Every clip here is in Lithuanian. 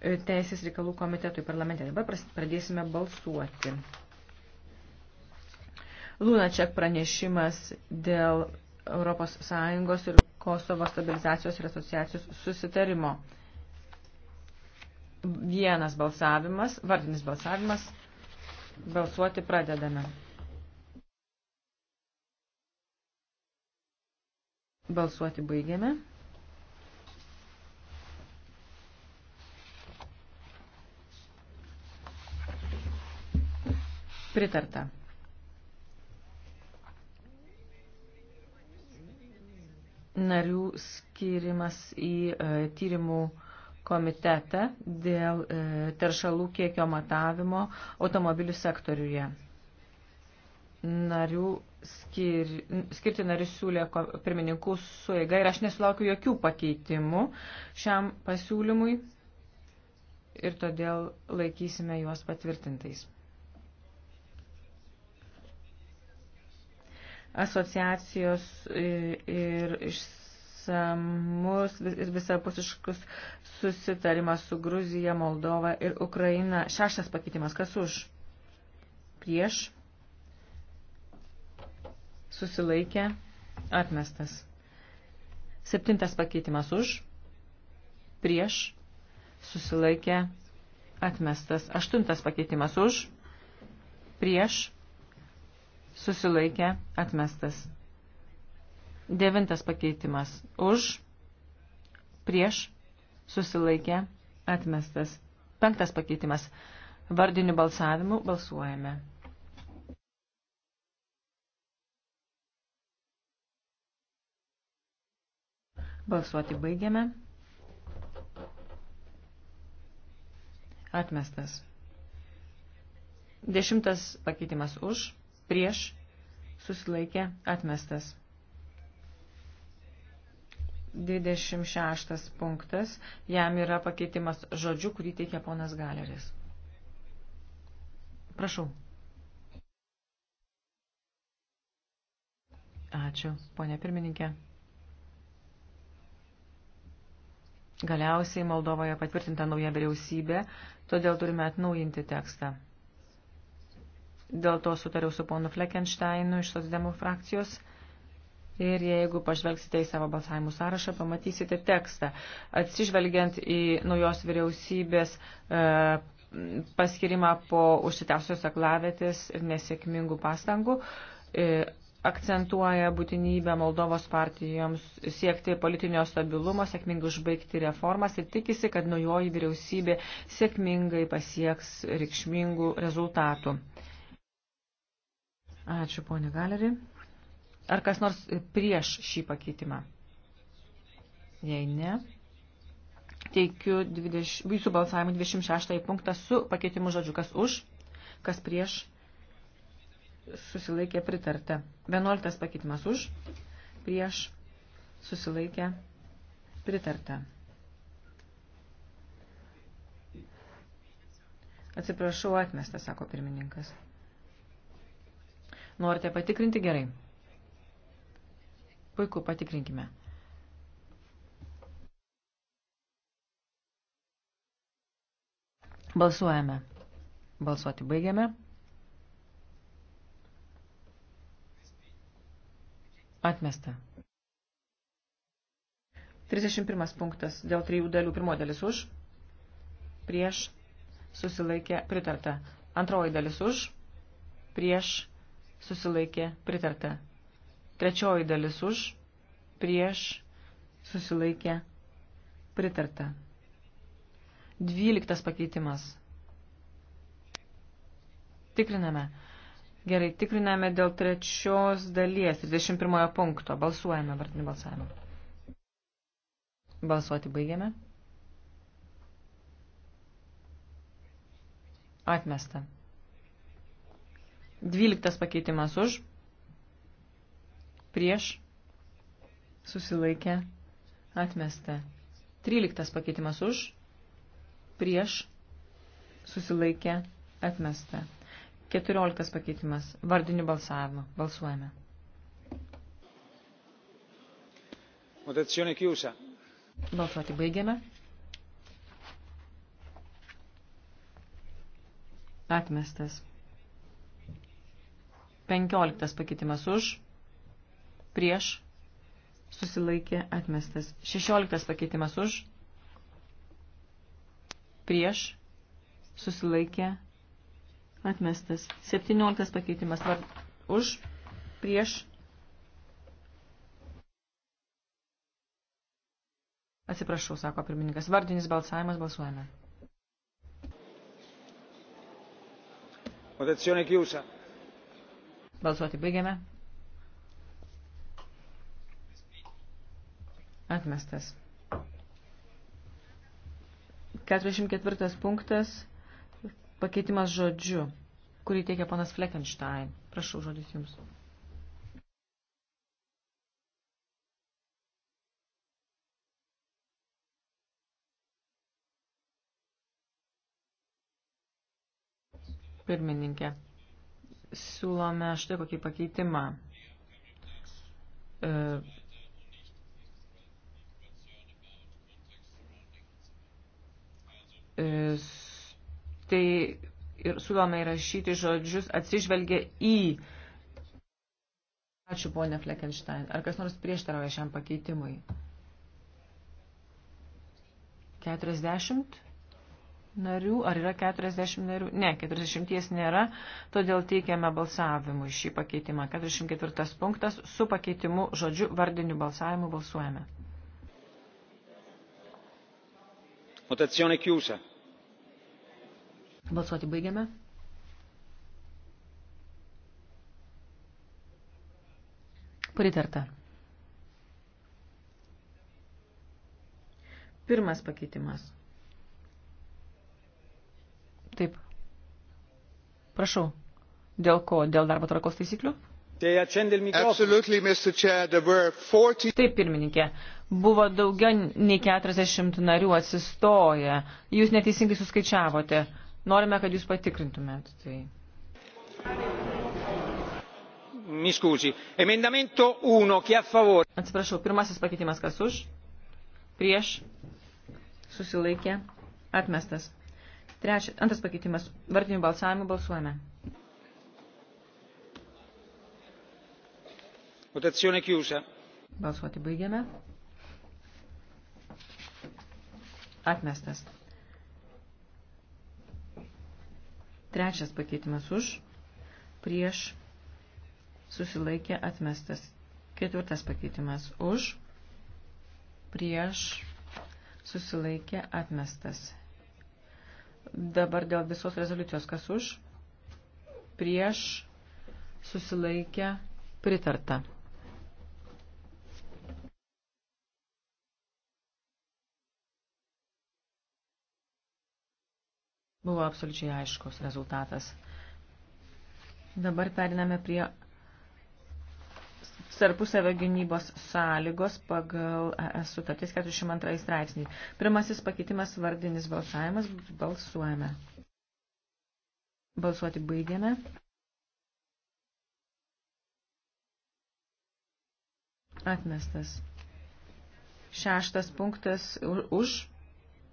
Teisės reikalų komitetui parlamente. Dabar pradėsime balsuoti. Lunačiak pranešimas dėl ES ir Kosovo stabilizacijos ir asociacijos susitarimo. Vienas balsavimas, vardinis balsavimas, balsuoti pradedame. Balsuoti baigiame. Pritarta. Narių skirimas į e, tyrimų komitetą dėl e, teršalų kiekio matavimo automobilių sektoriuje. Narių skir, skirti narius siūlė pirmininkų sueiga ir aš nesulaukiu jokių pakeitimų šiam pasiūlymui ir todėl laikysime juos patvirtintais. asociacijos e, ir išsamus ir visapusiškus susitarimas su Gruzija, Moldova ir Ukraina. Šeštas pakeitimas. Kas už? Prieš? Susilaikė? Atmestas. Septintas pakeitimas už? Prieš? Susilaikė? Atmestas. Aštuntas pakeitimas už? Prieš? susilaikė, atmestas. Devintas pakeitimas už, prieš, susilaikė, atmestas. Penktas pakeitimas. Vardiniu balsavimu balsuojame. Balsuoti baigiame. Atmestas. Dešimtas pakeitimas už, prieš, susilaikė, atmestas. 26 punktas, jam yra pakeitimas žodžių, kurį teikia ponas Galeris. Prašau. Ačiū, ponė pirmininkė. Galiausiai Moldovoje patvirtinta nauja vyriausybė, todėl turime atnaujinti tekstą. Dėl to sutariau su ponu Fleckensteinu iš Sosdemų frakcijos. Ir jeigu pažvelgsite į savo balsavimų sąrašą, pamatysite tekstą. Atsižvelgiant į naujos vyriausybės e, paskirimą po užsitęsusios aklavėtės ir nesėkmingų pastangų, e, akcentuoja būtinybę Moldovos partijoms siekti politinio stabilumo, sėkmingai užbaigti reformas ir tikisi, kad naujoji vyriausybė sėkmingai pasieks reikšmingų rezultatų. Ačiū, ponė Galeri. Ar kas nors prieš šį pakeitimą? Jei ne, teikiu 20, jūsų balsavimą 26 punktą su pakeitimu žodžiu, kas už, kas prieš, susilaikė pritarta. 11 pakeitimas už, prieš, susilaikė pritarta. Atsiprašau, atmestas, sako pirmininkas. Norite patikrinti gerai? Puiku, patikrinkime. Balsuojame. Balsuoti baigiame. Atmesta. 31 punktas dėl trijų dalių. Pirmo dalis už, prieš, susilaikė, pritarta. Antroji dalis už, prieš, susilaikė pritarta. Trečioji dalis už, prieš, susilaikė pritarta. Dvyliktas pakeitimas. Tikriname. Gerai, tikriname dėl trečios dalies, 31 punkto. Balsuojame, vartinį balsavimą. Balsuoti baigiame. Atmesta. Dvyliktas pakeitimas už, prieš, susilaikė, atmesta. Tryliktas pakeitimas už, prieš, susilaikė, atmesta. Keturioliktas pakeitimas, vardiniu balsavimu. Balsuojame. Votazione chiusa. Balsuoti baigiame. Atmestas. 15 pakeitimas už, prieš, susilaikė atmestas. 16 pakeitimas už, prieš, susilaikė atmestas. 17 pakeitimas var, už, prieš. Atsiprašau, sako pirmininkas. Vardinis balsavimas balsuojame. Votazione chiusa. Balsuoti baigiame. Atmestas. 44 punktas pakeitimas žodžiu, kurį teikia panas Fleckenstein. Prašau žodis jums. Pirmininkė siūlome štai kokį pakeitimą. E, e, tai ir siūlome įrašyti žodžius atsižvelgia į. Ačiū, ponė Fleckenstein. Ar kas nors prieštarauja šiam pakeitimui? 40? narių, ar yra 40 narių? Ne, 40 nėra, todėl teikiame balsavimui šį pakeitimą. 44 punktas su pakeitimu žodžiu vardiniu balsavimu balsuojame. Votazione chiusa. Balsuoti baigiame. Pritarta. Pirmas pakeitimas. Taip. Prašau. Dėl ko? Dėl darbo tvarkos taisyklių? Taip, pirmininkė. Buvo daugiau nei 40 narių atsistoję. Jūs neteisingai suskaičiavote. Norime, kad jūs patikrintumėt. Tai. Mi scusi. Emendamento 1, chi a favore? Atsiprašau, pirmasis pakeitimas kas už? Prieš? Susilaikė? Atmestas. Treč, antras pakeitimas. Vardinių balsavimų balsuojame. Votazione chiusa. Balsuoti baigiame. Atmestas. Trečias pakeitimas už, prieš, susilaikė atmestas. Ketvirtas pakeitimas už, prieš, susilaikė atmestas. Dabar dėl visos rezoliucijos, kas už, prieš, susilaikę, pritarta. Buvo absoliučiai aiškus rezultatas. Dabar periname prie tarpusavio gynybos sąlygos pagal ES sutartis 42 straipsnį. Pirmasis pakeitimas vardinis balsavimas. Balsuojame. Balsuoti baigiame. Atmestas. Šeštas punktas už,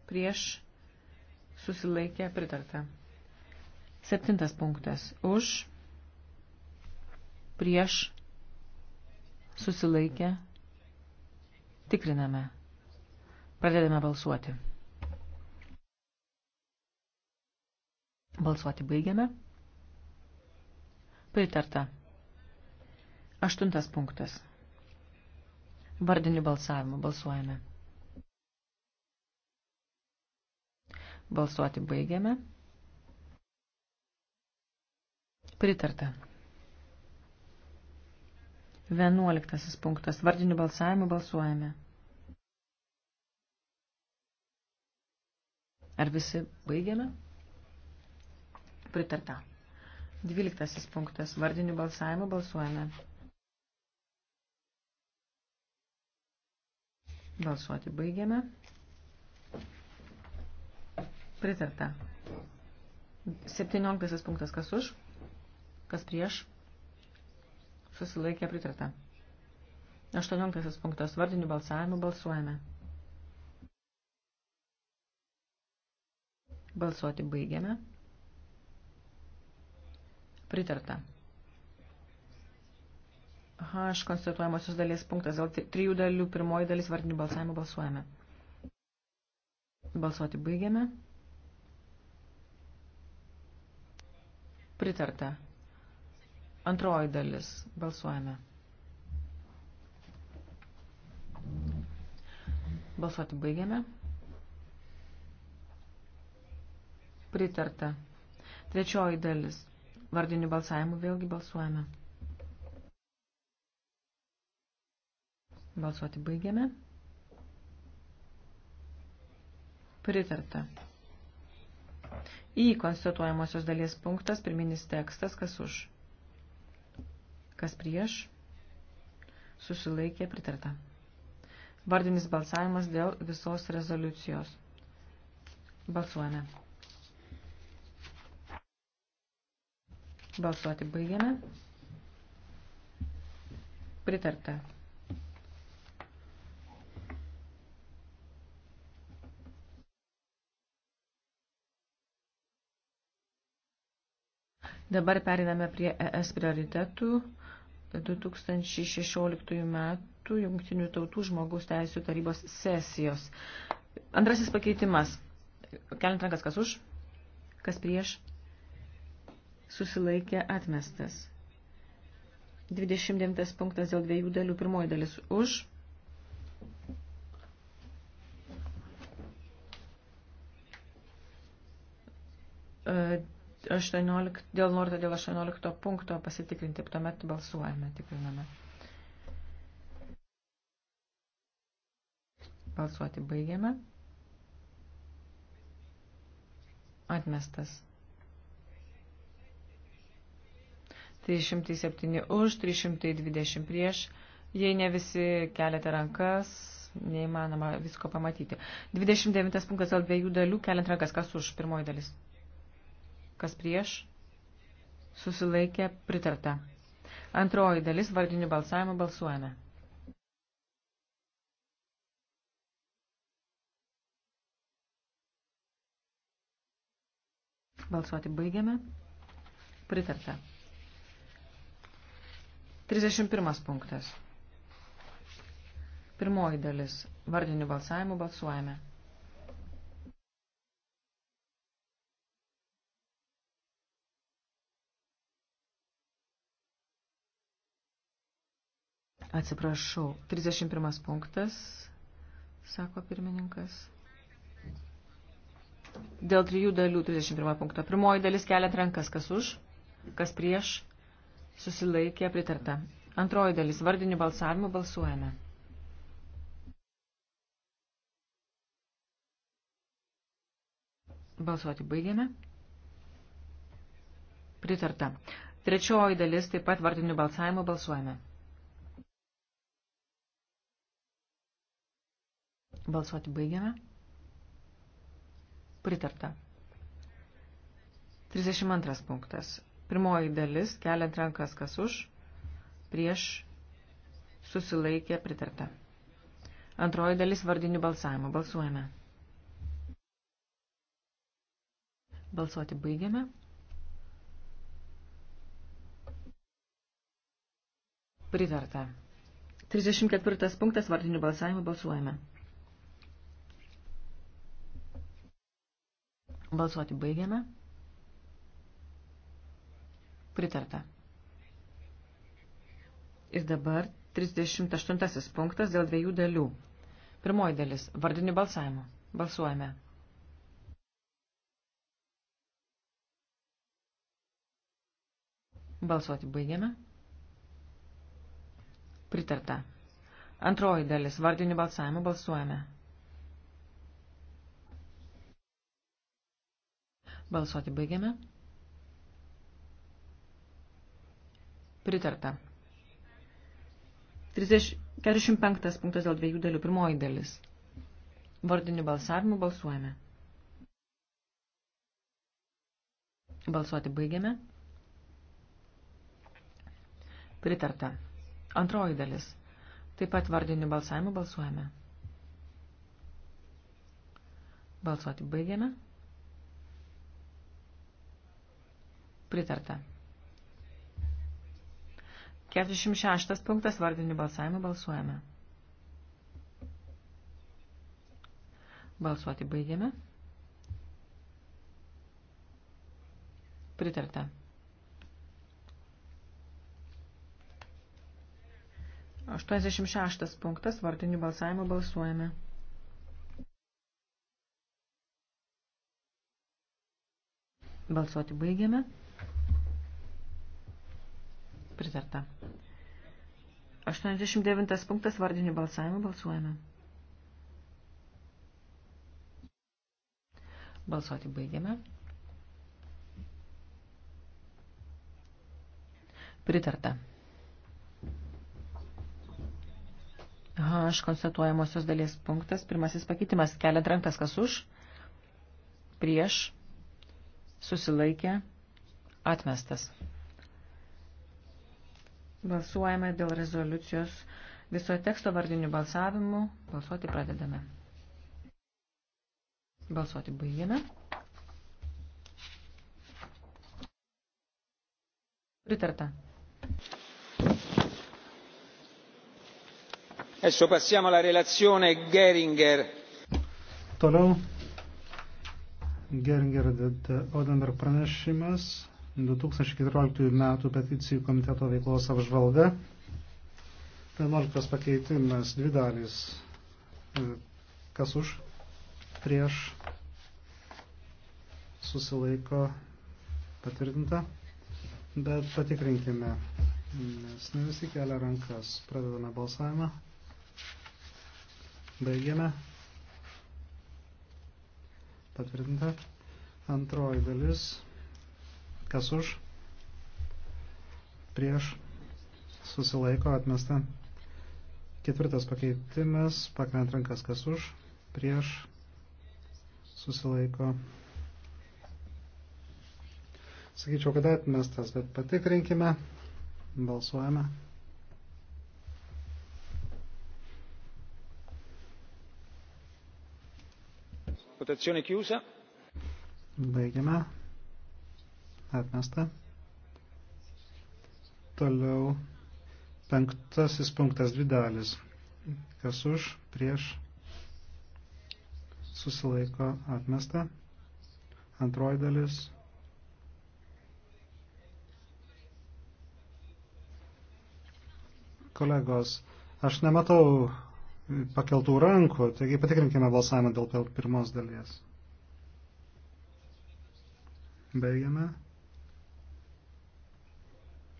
prieš, susilaikė, pritarta. Septintas punktas už, prieš, susilaikė, tikriname, pradedame balsuoti. Balsuoti baigiame. Pritarta. Aštuntas punktas. Vardinių balsavimų balsuojame. Balsuoti baigiame. Pritarta. Vienuoliktasis punktas. Vardinių balsavimų balsuojame. Ar visi baigiame? Pritarta. Dvyliktasis punktas. Vardinių balsavimų balsuojame. Balsuoti baigiame. Pritarta. Septynioliktasis punktas. Kas už? Kas prieš? susilaikė pritarta. 18 punktas vardinių balsavimų balsuojame. Balsuoti baigiame. Pritarta. H konstatuojamosios dalies punktas. Dėl trijų dalių pirmoji dalis vardinių balsavimų balsuojame. Balsuoti baigiame. Pritarta. Antroji dalis. Balsuojame. Balsuoti baigiame. Pritarta. Trečioji dalis. Vardiniu balsavimu vėlgi balsuojame. Balsuoti baigiame. Pritarta. Į konstatuojamosios dalies punktas pirminis tekstas, kas už. Kas prieš? Susilaikė pritarta. Vardinis balsavimas dėl visos rezoliucijos. Balsuojame. Balsuoti baigiame. Pritarta. Dabar periname prie ES prioritetų. 2016 metų Jungtinių tautų žmogaus teisų tarybos sesijos. Antrasis pakeitimas. Keliant rankas, kas už, kas prieš, susilaikė atmestas. 29 punktas dėl dviejų dalių. Pirmoji dalis už. Uh, 18, dėl norite dėl 18 punkto pasitikrinti, tuomet balsuojame, tikriname. Balsuoti baigiame. Atmestas. 307 už, 320 prieš. Jei ne visi keliate rankas, neįmanoma visko pamatyti. 29 punktas dėl dviejų dalių, keliant rankas, kas už pirmoji dalis. Kas prieš? Susilaikė pritarta. Antroji dalis vardinių balsavimų balsuojame. Balsuoti baigiame. Pritarta. 31 punktas. Pirmoji dalis. Vardinių balsavimų balsuojame. Atsiprašau, 31 punktas, sako pirmininkas. Dėl trijų dalių 31 punkto. Pirmoji dalis keliant rankas, kas už, kas prieš, susilaikė pritarta. Antroji dalis vardinių balsavimų balsuojame. Balsuoti baigėme. Pritarta. Trečioji dalis taip pat vardinių balsavimų balsuojame. Balsuoti baigiame. Pritarta. 32 punktas. Pirmoji dalis, keliant rankas kas už, prieš susilaikė pritarta. Antroji dalis vardinių balsavimo. Balsuojame. Balsuoti baigiame. Pritarta. 34 punktas vardinių balsavimų balsuojame. Balsuoti baigiame. Pritarta. Ir dabar 38 punktas dėl dviejų dalių. Pirmoji dalis – vardinių balsavimo. Balsuojame. Balsuoti baigiame. Pritarta. Antroji dalis – vardinių balsavimo. Balsuojame. Balsuoti baigiame. Pritarta. 45 punktas dėl dviejų dalių. Pirmoji dalis. Vardiniu balsavimu balsuojame. Balsuoti baigiame. Pritarta. Antroji dalis. Taip pat vardiniu balsavimu balsuojame. Balsuoti baigiame. Pritarta. 46 punktas vardinių balsavimų balsuojame. Balsuoti baigiame. Pritarta. Aštuoniasdešimt šeštas punktas vartinių balsavimų balsuojame. Balsuoti baigiame. Pritarta. 89 punktas vardinių balsavimų. Balsuojame. Balsuoti baigiame. Pritarta. H konstatuojamosios dalies punktas. Pirmasis pakeitimas. Keliant rankas kas už. Prieš. Susilaikė. Atmestas. Balsuojame dėl rezoliucijos viso teksto vardinių balsavimų. Balsuoti pradedame. Balsuoti baigiame. Pritarta. Adesso passiamo alla relazione Geringer. Toliau Geringer Odenberg pranešimas. 2014 metų peticijų komiteto veiklos apžvalga. 11 pakeitimas, dvi dalys. E, kas už, prieš, susilaiko patvirtinta. Bet patikrinkime, nes ne visi kelia rankas. Pradedame balsavimą. Baigiame. Patvirtinta. Antroji dalis. Kas už? Prieš. Susilaiko atmesta. Ketvirtas pakeitimas. Pakment rankas. Kas už? Prieš. Susilaiko. Sakyčiau, kad atmestas, bet patikrinkime. Balsuojame. Votazione chiusa. Baigiame. Atmesta. Toliau penktasis punktas dvi dalis. Kas už, prieš, susilaiko atmesta. Antroji dalis. Kolegos, aš nematau pakeltų rankų, taigi patikrinkime balsavimą dėl pirmos dalies. Baigiame.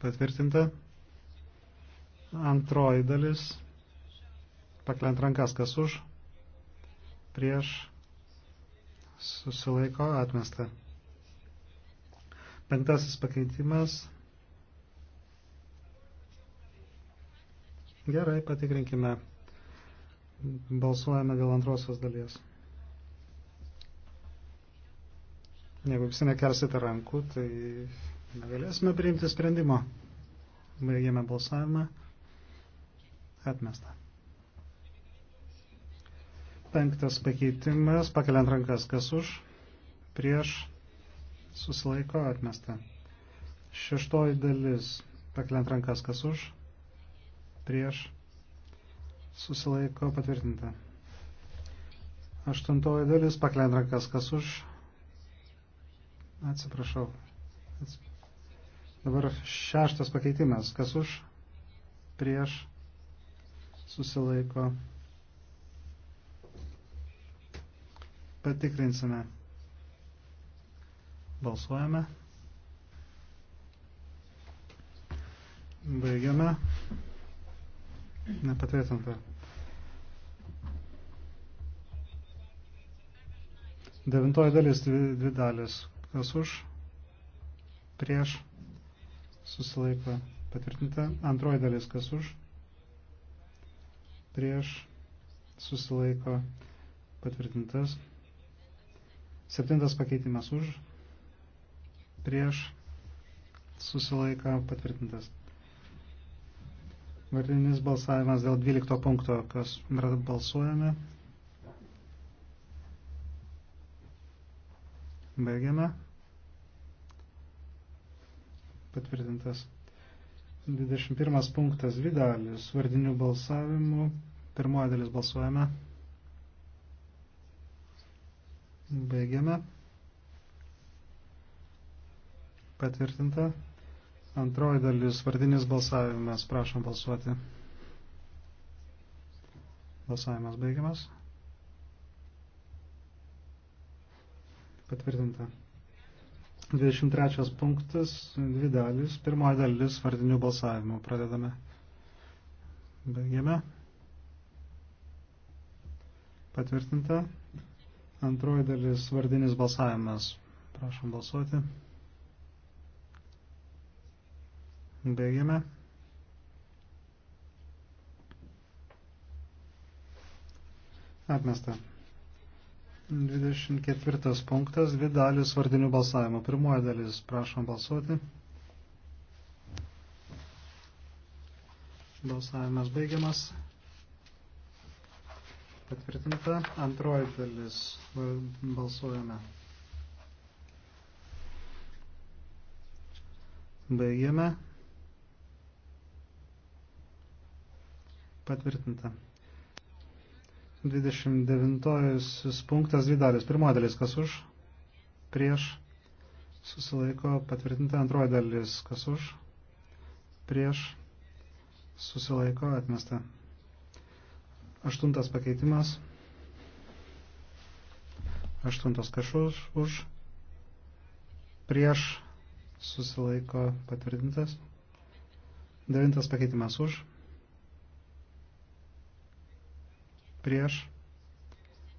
Patvirtinta. Antroji dalis. Pakliant rankas, kas už. Prieš. Susilaiko atmesta. Penktasis pakeitimas. Gerai, patikrinkime. Balsuojame dėl antrosios dalies. Jeigu visi nekelsite rankų, tai Negalėsime priimti sprendimo. Baigėme balsavimą. Atmesta. Penktas pakeitimas. Pakeliant rankas, kas už, prieš, susilaiko, atmesta. Šeštoji dalis. Pakeliant rankas, kas už, prieš, susilaiko, patvirtinta. Aštuntoji dalis. Pakeliant rankas, kas už. Atsiprašau. Atsiprašau Dabar šeštas pakeitimas. Kas už? Prieš? Susilaiko. Patikrinsime. Balsuojame. Baigiame. Nepatvirtinta. Devintoji dalis, dvi, dvi dalis. Kas už? Prieš? susilaiko patvirtinta. Antroji dalis kas už, prieš susilaiko patvirtintas. Septintas pakeitimas už, prieš susilaiko patvirtintas. Vardinis balsavimas dėl 12 punkto, kas balsuojame. Baigiame patvirtintas. 21 punktas Vidalis, vardinių balsavimų, pirmoji dalis balsuojame. Baigiame. Patvirtinta. Antroji dalis, vardinis balsavimas, prašom balsuoti. Balsavimas baigiamas. Patvirtinta. 23 punktas, dvi dalis. Pirmoji dalis vardinių balsavimų. Pradedame. Baigiame. Patvirtinta. Antroji dalis vardinis balsavimas. Prašom balsuoti. Baigiame. Atmesta. 24 punktas, dvi dalis vardinių balsavimo. Pirmoji dalis, prašom balsuoti. Balsavimas baigiamas. Patvirtinta. Antroji dalis, balsuojame. Baigiame. Patvirtinta. 29 punktas, dvi dalis. Pirmoji dalis, kas už, prieš, susilaiko patvirtinta. Antroji dalis, kas už, prieš, susilaiko atmesta. Aštuntas pakeitimas. Aštuntas kažus už, prieš, susilaiko patvirtintas. Devintas pakeitimas už prieš,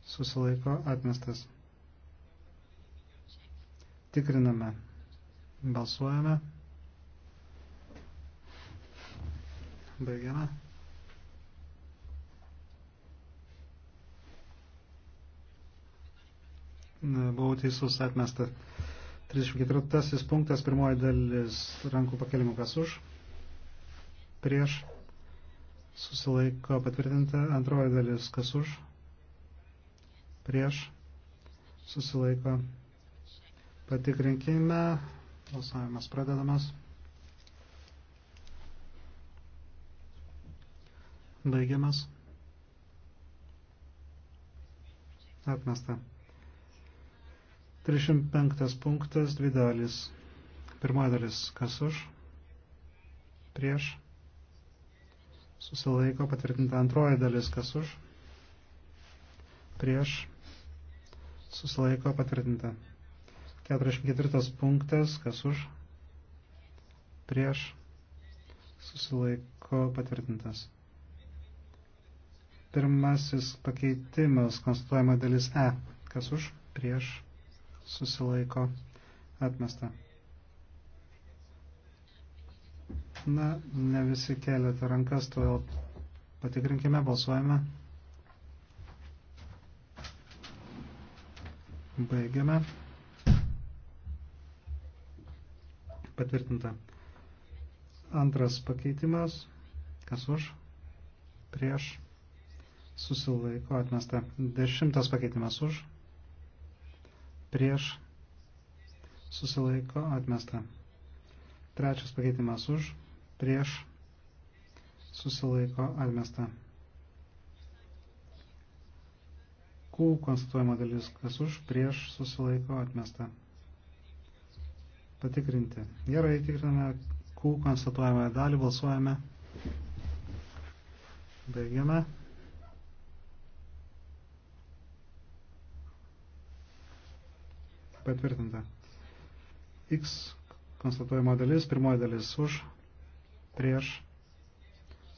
susilaiko atmestas. Tikriname, balsuojame, baigiame. Buvau teisus atmestas. 34 punktas, pirmoji dalis rankų pakelimų kas už, prieš, susilaiko patvirtinta antroji dalis, kas už, prieš, susilaiko. Patikrinkime, balsavimas pradedamas. Baigiamas. Atmesta. 305 punktas, dvi dalis. Pirmoji dalis, kas už, prieš, susilaiko patvirtinta antroji dalis, kas už, prieš, susilaiko patvirtinta. 44 punktas, kas už, prieš, susilaiko patvirtintas. Pirmasis pakeitimas, konstatuojama dalis E, kas už, prieš, susilaiko atmesta. Na, ne visi keliate rankas, todėl patikrinkime, balsuojame. Baigiame. Patvirtinta. Antras pakeitimas. Kas už? Prieš. Susilaiko atmesta. Dešimtas pakeitimas už. Prieš. Susilaiko atmesta. Trečias pakeitimas už prieš susilaiko atmesta. Q konstatuojama dalis, kas už, prieš susilaiko atmesta. Patikrinti. Gerai, tikriname Q konstatuojamą dalį, balsuojame. Baigiame. Patvirtinta. X konstatuojama dalis, pirmoji dalis už, prieš,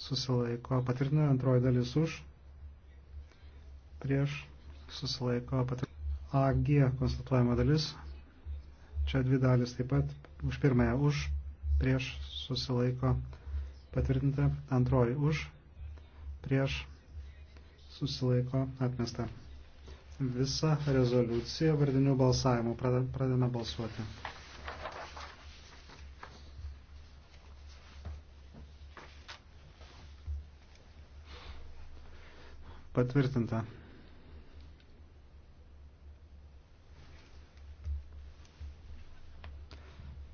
susilaiko patvirtinta, antroji dalis už, prieš, susilaiko patvirtinta. AG konstatuojama dalis, čia dvi dalis taip pat, už pirmąją už, prieš, susilaiko patvirtinta, antroji už, prieš, susilaiko atmesta. Visa rezoliucija vardinių balsavimų. Pradame balsuoti. Patvirtinta.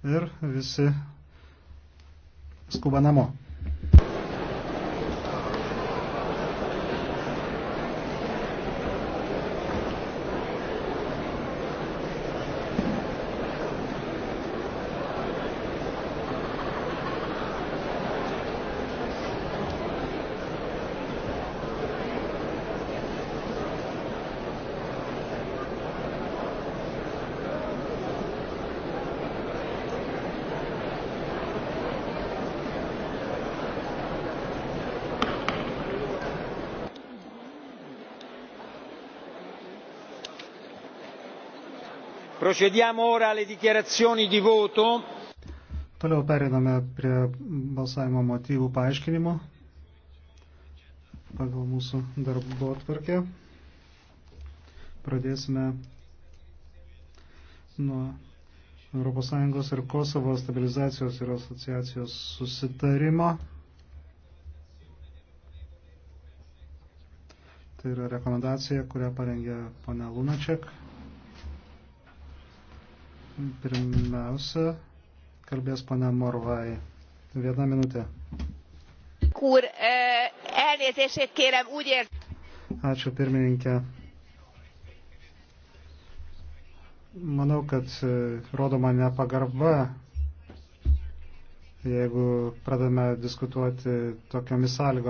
Ir visi skuba namo. Procediamo ora alle dichiarazioni di voto. Toliau periname prie balsavimo motyvų paaiškinimo pagal mūsų darbo atvarkę. Pradėsime nuo ES ir Kosovo stabilizacijos ir asociacijos susitarimo. Tai yra rekomendacija, kurią parengė ponia Lunaček. Pirmiausia, kalbės pana Morvai. Viena minutė. Kur, e, elnézését kérem, úgy ért. Ačiū pirmininkė. Manau, kad e, rodoma nepagarba, jeigu pradame diskutuoti tokiomis sąlygomis.